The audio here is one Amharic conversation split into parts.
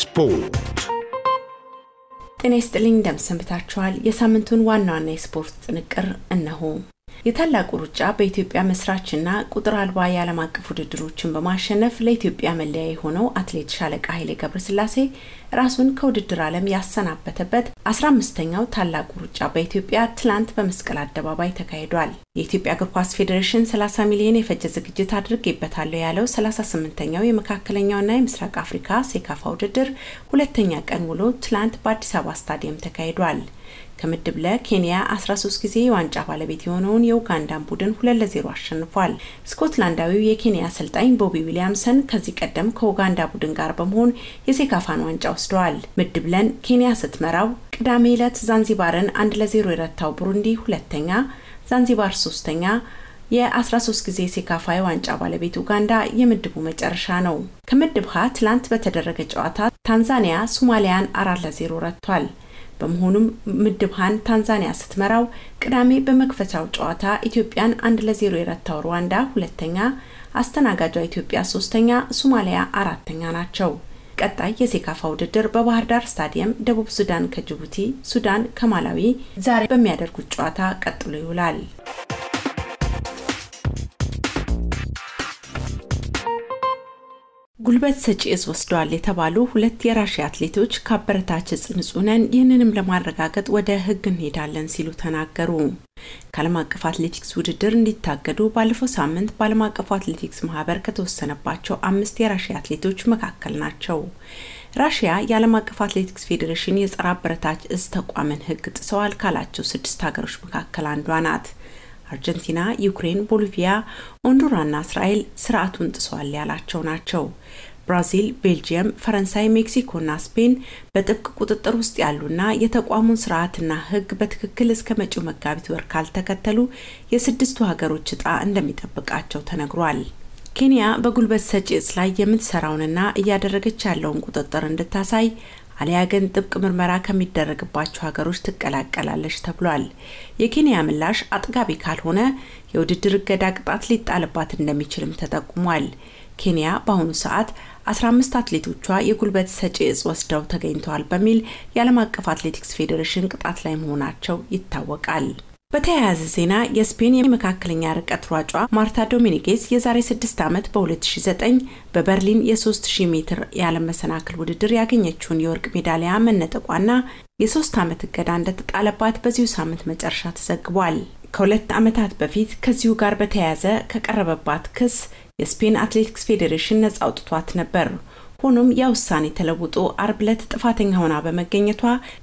ስፖርት ጤና ይስጥልኝ እንደምሰንብታችኋል። የሳምንቱን ዋና ዋና የስፖርት ጥንቅር እነሆ። የታላቁ ሩጫ በኢትዮጵያ መስራችና ቁጥር አልባ የዓለም አቀፍ ውድድሮችን በማሸነፍ ለኢትዮጵያ መለያ የሆነው አትሌት ሻለቃ ኃይሌ ገብረስላሴ ራሱን ከውድድር ዓለም ያሰናበተበት አስራ አምስተኛው ታላቁ ሩጫ በኢትዮጵያ ትላንት በመስቀል አደባባይ ተካሂዷል። የኢትዮጵያ እግር ኳስ ፌዴሬሽን 30 ሚሊዮን የፈጀ ዝግጅት አድርጌበታለሁ ያለው 38ኛው የመካከለኛውና የምስራቅ አፍሪካ ሴካፋ ውድድር ሁለተኛ ቀን ውሎ ትላንት በአዲስ አበባ ስታዲየም ተካሂዷል። ከምድብ ለ ኬንያ 13 ጊዜ የዋንጫ ባለቤት የሆነውን የኡጋንዳን ቡድን ለ ለዜሮ አሸንፏል። ስኮትላንዳዊው የኬንያ አሰልጣኝ ቦቢ ዊሊያምሰን ከዚህ ቀደም ከኡጋንዳ ቡድን ጋር በመሆን የሴካፋን ዋንጫ ወስደዋል። ምድብ ለን ኬንያ ስትመራው፣ ቅዳሜ ዕለት ዛንዚባርን ለ ለዜሮ የረታው ቡሩንዲ ሁለተኛ፣ ዛንዚባር ሶስተኛ፣ የ13 ጊዜ ሴካፋ የዋንጫ ባለቤት ኡጋንዳ የምድቡ መጨረሻ ነው። ከምድብ ሀ ትላንት በተደረገ ጨዋታ ታንዛኒያ ሱማሊያን አራት ለዜሮ ረቷል። በመሆኑም ምድብሃን ታንዛኒያ ስትመራው ቅዳሜ በመክፈቻው ጨዋታ ኢትዮጵያን አንድ ለዜሮ የረታው ሩዋንዳ ሁለተኛ፣ አስተናጋጇ ኢትዮጵያ ሶስተኛ፣ ሶማሊያ አራተኛ ናቸው። ቀጣይ የሴካፋ ውድድር በባህር ዳር ስታዲየም ደቡብ ሱዳን ከጅቡቲ፣ ሱዳን ከማላዊ ዛሬ በሚያደርጉት ጨዋታ ቀጥሎ ይውላል። ጉልበት ሰጪ እጽ ወስደዋል የተባሉ ሁለት የራሽያ አትሌቶች ከአበረታች እጽ ንጹህ ነን፣ ይህንንም ለማረጋገጥ ወደ ህግ እንሄዳለን ሲሉ ተናገሩ። ከዓለም አቀፍ አትሌቲክስ ውድድር እንዲታገዱ ባለፈው ሳምንት በዓለም አቀፉ አትሌቲክስ ማህበር ከተወሰነባቸው አምስት የራሽያ አትሌቶች መካከል ናቸው። ራሽያ የዓለም አቀፍ አትሌቲክስ ፌዴሬሽን የጸረ አበረታች እጽ ተቋምን ጥሰዋል ካላቸው ስድስት ሀገሮች መካከል አንዷ ናት። አርጀንቲና፣ ዩክሬን፣ ቦሊቪያ፣ ሆንዱራና እስራኤል ስርዓቱን ጥሷል ያላቸው ናቸው። ብራዚል፣ ቤልጂየም፣ ፈረንሳይ፣ ሜክሲኮና ስፔን በጥብቅ ቁጥጥር ውስጥ ያሉና የተቋሙን ስርዓትና ሕግ በትክክል እስከ መጪው መጋቢት ወር ካልተከተሉ የስድስቱ ሀገሮች እጣ እንደሚጠብቃቸው ተነግሯል። ኬንያ በጉልበት ሰጪ እጽ ላይ የምትሰራውንና እያደረገች ያለውን ቁጥጥር እንድታሳይ አሊያ ግን ጥብቅ ምርመራ ከሚደረግባቸው ሀገሮች ትቀላቀላለች ተብሏል። የኬንያ ምላሽ አጥጋቢ ካልሆነ የውድድር እገዳ ቅጣት ሊጣልባት እንደሚችልም ተጠቁሟል። ኬንያ በአሁኑ ሰዓት 15 አትሌቶቿ የጉልበት ሰጪ እጽ ወስደው ተገኝተዋል በሚል የዓለም አቀፍ አትሌቲክስ ፌዴሬሽን ቅጣት ላይ መሆናቸው ይታወቃል። በተያያዘ ዜና የስፔን የመካከለኛ ርቀት ሯጯ ማርታ ዶሚኒጌዝ የዛሬ 6 ዓመት በ2009 በበርሊን የ3000 ሜትር የዓለም መሰናክል ውድድር ያገኘችውን የወርቅ ሜዳሊያ መነጠቋና የሶስት ዓመት እገዳ እንደተጣለባት በዚሁ ሳምንት መጨረሻ ተዘግቧል። ከሁለት ዓመታት በፊት ከዚሁ ጋር በተያያዘ ከቀረበባት ክስ የስፔን አትሌቲክስ ፌዴሬሽን ነጻ አውጥቷት ነበር። ሆኖም ያ ውሳኔ ተለውጦ አርብ ዕለት ጥፋተኛ ሆና በመገኘቷ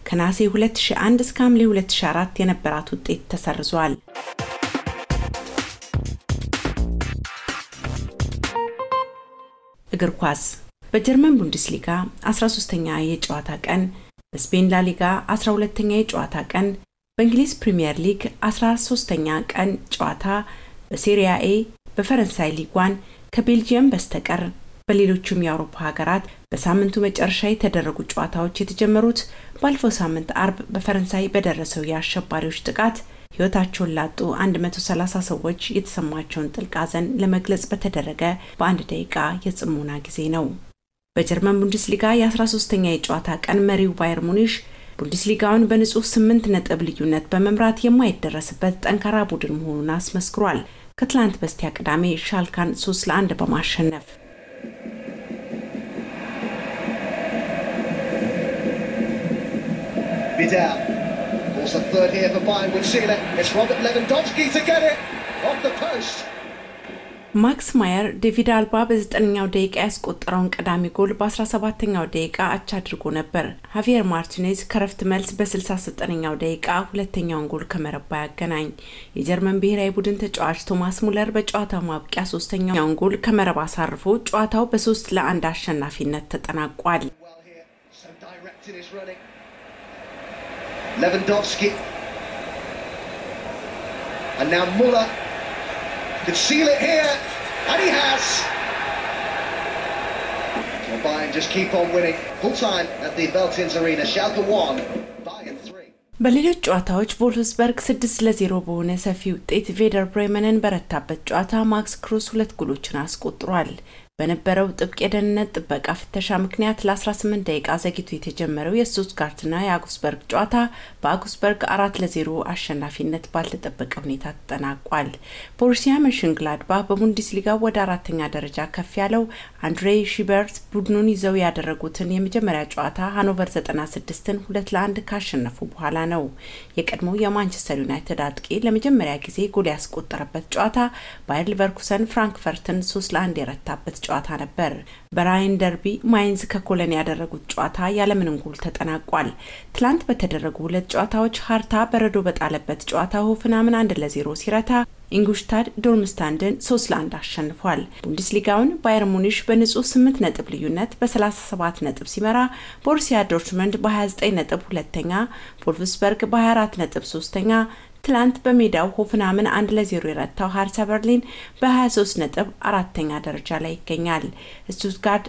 ከነሐሴ 2001 እስከ ሐምሌ 2004 የነበራት ውጤት ተሰርዟል። እግር ኳስ በጀርመን ቡንደስሊጋ 13 ኛ የጨዋታ ቀን፣ በስፔን ላሊጋ 12 ኛ የጨዋታ ቀን፣ በእንግሊዝ ፕሪምየር ሊግ 13 ኛ ቀን ጨዋታ በሴሪያ ኤ በፈረንሳይ ሊጓን ከቤልጅየም በስተቀር በሌሎቹም የአውሮፓ ሀገራት በሳምንቱ መጨረሻ የተደረጉ ጨዋታዎች የተጀመሩት ባለፈው ሳምንት አርብ በፈረንሳይ በደረሰው የአሸባሪዎች ጥቃት ሕይወታቸውን ላጡ 130 ሰዎች የተሰማቸውን ጥልቅ ሐዘን ለመግለጽ በተደረገ በአንድ ደቂቃ የጽሞና ጊዜ ነው። በጀርመን ቡንደስሊጋ የ13ኛ የጨዋታ ቀን መሪው ባየር ሙኒሽ ቡንደስሊጋውን በንጹህ ስምንት ነጥብ ልዩነት በመምራት የማይደረስበት ጠንካራ ቡድን መሆኑን አስመስክሯል። ከትላንት በስቲያ ቅዳሜ ሻልካን ሶስት ለአንድ በማሸነፍ Vidal. Also third here for Bayern with Sheila. It's Robert Lewandowski to get it. Off the post. ማክስ ማየር ዴቪድ አልባ በ 9 ደቂቃ ያስቆጠረውን ቀዳሚ ጎል በ17ኛው ደቂቃ አቻ አድርጎ ነበር። ሀቪየር ማርቲኔዝ ከረፍት መልስ በ69ኛው ደቂቃ ሁለተኛውን ጎል ከመረባ ያገናኝ። የጀርመን ብሔራዊ ቡድን ተጫዋች ቶማስ ሙለር በጨዋታው ማብቂያ ሶስተኛውን ጎል ከመረብ አሳርፎ ጨዋታው በሶስት ለአንድ አሸናፊነት ተጠናቋል። Lewandowski. And now Muller could seal it here, and he has. Well, Bayern just keep on winning. Full time at the Veltins Arena. Schalke 1, Bayern 3. በሌሎች ጨዋታዎች ቮልፍስበርግ ስድስት ለዜሮ በሆነ ሰፊ ውጤት ቬደር ብሬመንን በረታበት ጨዋታ ማክስ ክሩስ ሁለት ጎሎችን አስቆጥሯል። በነበረው ጥብቅ የደህንነት ጥበቃ ፍተሻ ምክንያት ለ18 ደቂቃ ዘግይቶ የተጀመረው የስቱትጋርትና የአጉስበርግ ጨዋታ በአጉስበርግ አራት ለዜሮ አሸናፊነት ባልተጠበቀ ሁኔታ ተጠናቋል። ቦሩሲያ መሽንግላድባ በቡንደስሊጋ ወደ አራተኛ ደረጃ ከፍ ያለው አንድሬ ሺበርት ቡድኑን ይዘው ያደረጉትን የመጀመሪያ ጨዋታ ሃኖቨር 96ን ሁለት ለአንድ ካሸነፉ በኋላ ነው። የቀድሞው የማንቸስተር ዩናይትድ አጥቂ ለመጀመሪያ ጊዜ ጎል ያስቆጠረበት ጨዋታ ባየር ሊቨርኩሰን ፍራንክፈርትን 3 ለአንድ የረታበት ጨዋታ ነበር። በራይን ደርቢ ማይንዝ ከኮለን ያደረጉት ጨዋታ ያለምንም ጎል ተጠናቋል። ትላንት በተደረጉ ሁለት ጨዋታዎች ሀርታ በረዶ በጣለበት ጨዋታ ሆፍናምን አንድ ለዜሮ ሲረታ ኢንጉሽታድ ዶርምስታንድን ሶስት ለአንድ አሸንፏል። ቡንደስሊጋውን ባየር ሙኒሽ በንጹህ ስምንት ነጥብ ልዩነት በ37 ነጥብ ሲመራ ቦሩሲያ ዶርትመንድ በ29 ነጥብ ሁለተኛ፣ ቮልፍስበርግ በ24 ነጥብ ሶስተኛ፣ ትላንት በሜዳው ሆፍናምን አንድ ለዜሮ የረታው ሀርሳ በርሊን በ23 ነጥብ አራተኛ ደረጃ ላይ ይገኛል። ስቱትጋርድ፣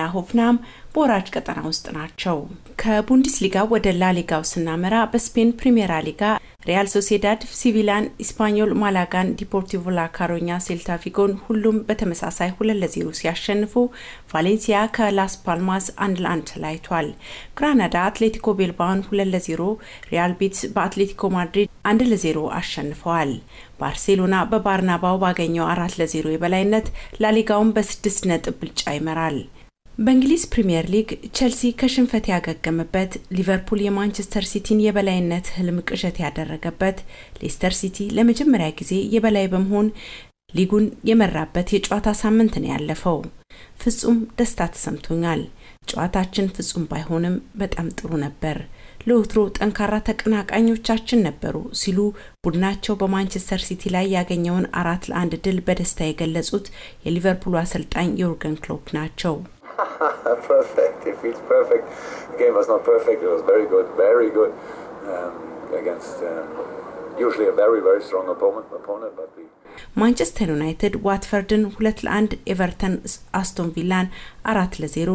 ና ሆፍናም በወራጅ ቀጠና ውስጥ ናቸው። ከቡንደስሊጋ ወደ ላሊጋው ስናመራ በስፔን ፕሪሜራ ሊጋ ሪያል ሶሴዳድ፣ ሲቪላን፣ ኢስፓኞል ማላጋን፣ ዲፖርቲቮ ላ ካሮኛ፣ ሴልታ ቪጎን ሁሉም በተመሳሳይ ሁለት ለዜሮ ሲያሸንፉ ቫሌንሲያ ከላስ ፓልማስ አንድ ለአንድ ተለያይቷል። ግራናዳ አትሌቲኮ ቤልባውን ሁለት ለዜሮ፣ ሪያል ቤቲስ በአትሌቲኮ ማድሪድ አንድ ለዜሮ አሸንፈዋል። ባርሴሎና በባርናባው ባገኘው አራት ለዜሮ የበላይነት ላሊጋውን በስድስት ነጥብ ብልጫ ይመራል። በእንግሊዝ ፕሪምየር ሊግ ቸልሲ ከሽንፈት ያገገመበት፣ ሊቨርፑል የማንቸስተር ሲቲን የበላይነት ህልም ቅዠት ያደረገበት፣ ሌስተር ሲቲ ለመጀመሪያ ጊዜ የበላይ በመሆን ሊጉን የመራበት የጨዋታ ሳምንት ነው ያለፈው። ፍጹም ደስታ ተሰምቶኛል። ጨዋታችን ፍጹም ባይሆንም በጣም ጥሩ ነበር። ለወትሮ ጠንካራ ተቀናቃኞቻችን ነበሩ ሲሉ ቡድናቸው በማንቸስተር ሲቲ ላይ ያገኘውን አራት ለአንድ ድል በደስታ የገለጹት የሊቨርፑሉ አሰልጣኝ ዮርገን ክሎፕ ናቸው። perfect. It feels perfect. The game was not perfect. It was very good, very good um, against um, usually a very very strong opponent, opponent but we ማንቸስተር ዩናይትድ ዋትፈርድን ሁለት ለአንድ ኤቨርተን አስቶን ቪላን አራት ለዜሮ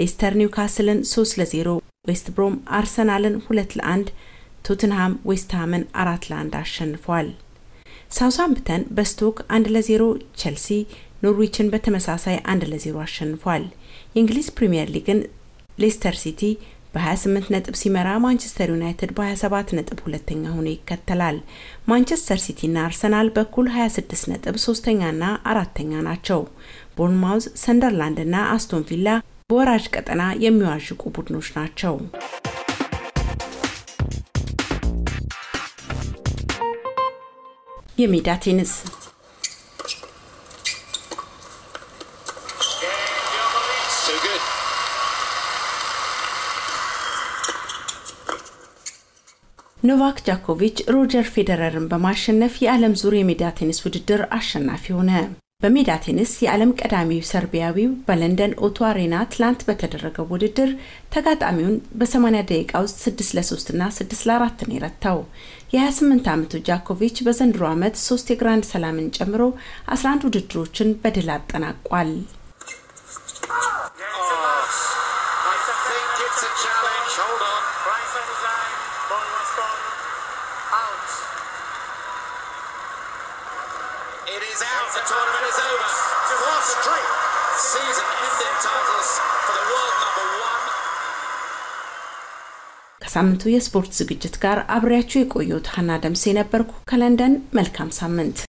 ሌስተር ኒውካስልን ሶስት ለዜሮ ዌስት ብሮም አርሰናልን ሁለት ለአንድ ቶትንሃም ዌስትሃምን አራት ለአንድ አሸንፏል። ሳውሳምፕተን በስቶክ አንድ ለዜሮ ቸልሲ ኖርዊችን በተመሳሳይ አንድ ለዜሮ አሸንፏል። የእንግሊዝ ፕሪምየር ሊግን ሌስተር ሲቲ በ28 ነጥብ ሲመራ ማንቸስተር ዩናይትድ በ27 ነጥብ ሁለተኛ ሆኖ ይከተላል። ማንቸስተር ና አርሰናል በኩል 26 ነጥብ ና አራተኛ ናቸው። ቦርንማውዝ፣ ና አስቶን ቪላ በወራጅ ቀጠና የሚዋዥቁ ቡድኖች ናቸው። የሜዳ ቴኒስ ኖቫክ ጃኮቪች ሮጀር ፌዴረርን በማሸነፍ የዓለም ዙር የሜዳ ቴኒስ ውድድር አሸናፊ ሆነ። በሜዳ ቴኒስ የዓለም ቀዳሚው ሰርቢያዊው በለንደን ኦቶ አሬና ትላንት በተደረገው ውድድር ተጋጣሚውን በ80 ደቂቃ ውስጥ 6 ለ3 እና 6 ለ4 ነው የረታው። የ28 ዓመቱ ጃኮቪች በዘንድሮ ዓመት ሶስት የግራንድ ሰላምን ጨምሮ 11 ውድድሮችን በድል አጠናቋል። It is out. The tournament is over. Four straight season-ending titles for the world number one. ከሳምንቱ የስፖርት ዝግጅት ጋር አብሬያችሁ የቆየሁት ሀና ደምሴ ነበርኩ። ከለንደን መልካም ሳምንት።